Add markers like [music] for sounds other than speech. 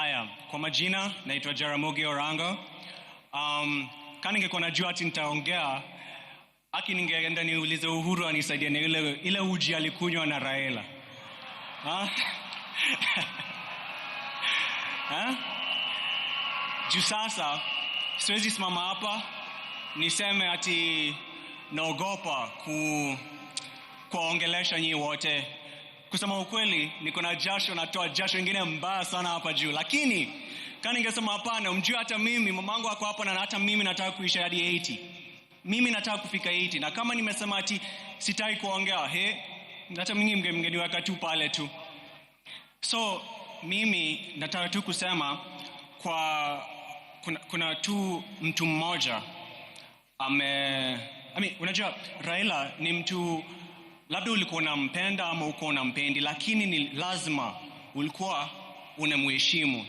Haya, kwa majina naitwa Jaramogi Orango. Um, kama ningekuwa najua ati nitaongea aki, ningeenda niulize Uhuru anisaidie na ile ile uji alikunywa na Raila ha? [laughs] ha? Juu sasa siwezi simama hapa niseme ati naogopa ku kuwaongelesha nyinyi wote kusema ukweli, niko na jasho, natoa jasho ingine mbaya sana hapa juu, lakini kama ningesema hapana, mjue hata mimi mamangu ako hapa, na hata mimi nataka kuisha hadi 80. Mimi nataka kufika 80, na kama nimesema ati sitaki kuongea, he, hata mimi mngeniweka tu pale tu. So mimi nataka tu kusema kwa kuna, kuna tu mtu mmoja ame I mean, unajua Raila ni mtu labda ulikuwa unampenda ama uko unampendi, lakini ni lazima ulikuwa unamheshimu.